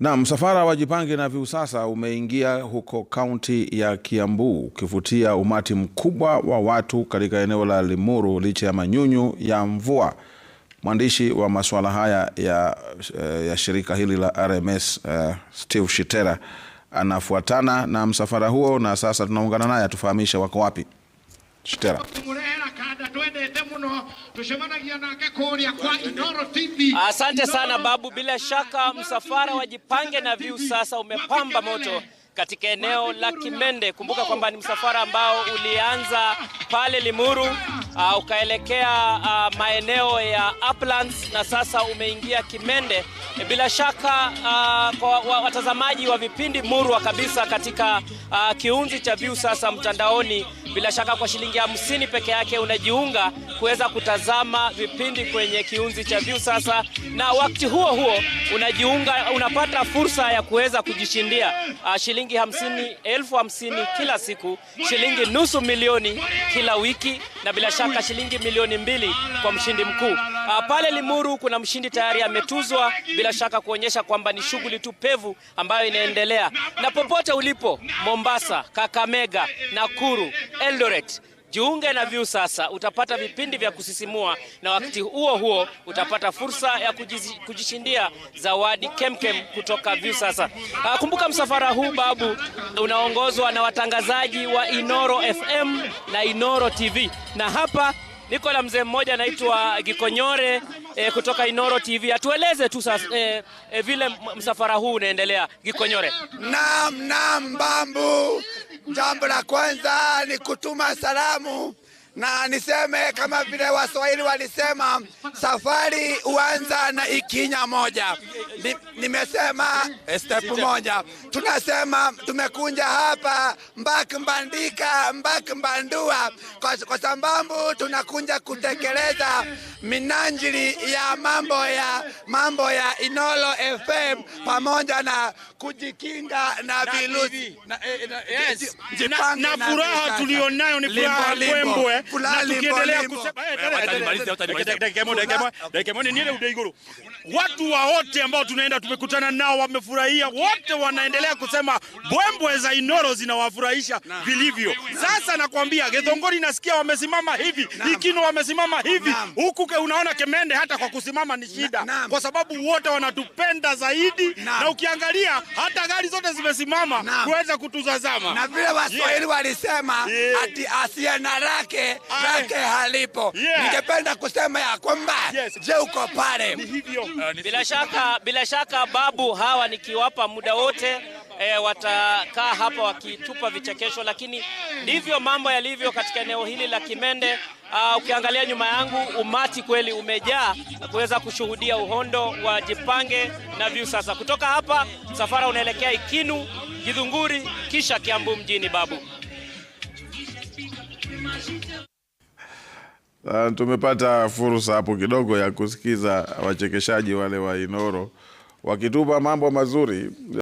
Na msafara wa Jipange na Viusasa umeingia huko kaunti ya Kiambu ukivutia umati mkubwa wa watu katika eneo la Limuru licha ya manyunyu ya mvua. Mwandishi wa masuala haya ya, eh, ya shirika hili la RMS uh, eh, Steve Shitera anafuatana na msafara huo na sasa tunaungana naye atufahamishe wako wapi. Shitera twendete muno tucemanagia nake kuria kwa Inoro TV. Asante sana babu, bila shaka msafara wa Jipange na viu sasa umepamba moto katika eneo la Kimende. Kumbuka kwamba ni msafara ambao ulianza pale Limuru uh, ukaelekea uh, maeneo ya Uplands na sasa umeingia Kimende. E, bila shaka uh, kwa watazamaji wa vipindi murwa kabisa katika uh, kiunzi cha sasa mtandaoni, bila shaka kwa shilingi hamsini peke yake unajiunga kuweza kutazama vipindi kwenye kiunzi cha sasa na wakati huo huo unajiunga unapata fursa ya kuweza kujishindia uh, shilingi hamsini elfu hamsini kila siku, shilingi nusu milioni kila wiki, na bila shaka mpaka shilingi milioni mbili kwa mshindi mkuu. Uh, pale Limuru kuna mshindi tayari ametuzwa, bila shaka kuonyesha kwamba ni shughuli tu pevu ambayo inaendelea. Na popote ulipo Mombasa, Kakamega, Nakuru, Eldoret Jiunge na View sasa, utapata vipindi vya kusisimua na wakati huo huo utapata fursa ya kujishindia zawadi kemkem kutoka View sasa. Ah, kumbuka msafara huu babu, unaongozwa na watangazaji wa Inoro FM na Inoro TV, na hapa niko na mzee mmoja anaitwa Gikonyore eh, kutoka Inoro TV. Atueleze tu sasa eh, eh, vile msafara huu unaendelea Gikonyore. Naam, naam, babu Jambo la kwanza ni kutuma salamu na niseme kama vile Waswahili walisema safari huanza na ikinya moja. Ni, nimesema eh, step moja, tunasema tumekunja hapa mbak mbandika mbak mbandua, kwa, kwa sababu tunakunja kutekeleza minanjili ya mambo ya mambo ya Inolo FM pamoja na kujikinga na virusi na, eh, na, na, na, na furaha tulionayo ni furaha kwembwe watu wote ambao tunaenda tumekutana nao wamefurahia, wote wanaendelea kusema mbwembwe za Inoro zinawafurahisha vilivyo. Sasa nakwambia Gedhongori, nasikia wamesimama hivi, Ikino wamesimama hivi, huku unaona Kemende hata kwa kusimama ni shida, kwa sababu wote wanatupenda zaidi, na ukiangalia hata gari zote zimesimama kuweza kutuzazama, na vile Waswahili walisema ati asiye na lake lake halipo. Yeah. Ningependa kusema ya kwamba Je, uko pale? Uh, bila shaka, bila shaka babu hawa nikiwapa muda wote E, watakaa hapa wakitupa vichekesho, lakini ndivyo mambo yalivyo katika eneo hili la Kimende. Uh, ukiangalia nyuma yangu umati kweli umejaa kuweza kushuhudia uhondo wa Jipange na Vyu. Sasa kutoka hapa msafara unaelekea Ikinu, Githunguri, kisha Kiambu mjini babu. Uh, tumepata fursa hapo kidogo ya kusikiza wachekeshaji wale wa Inoro wakitupa mambo mazuri.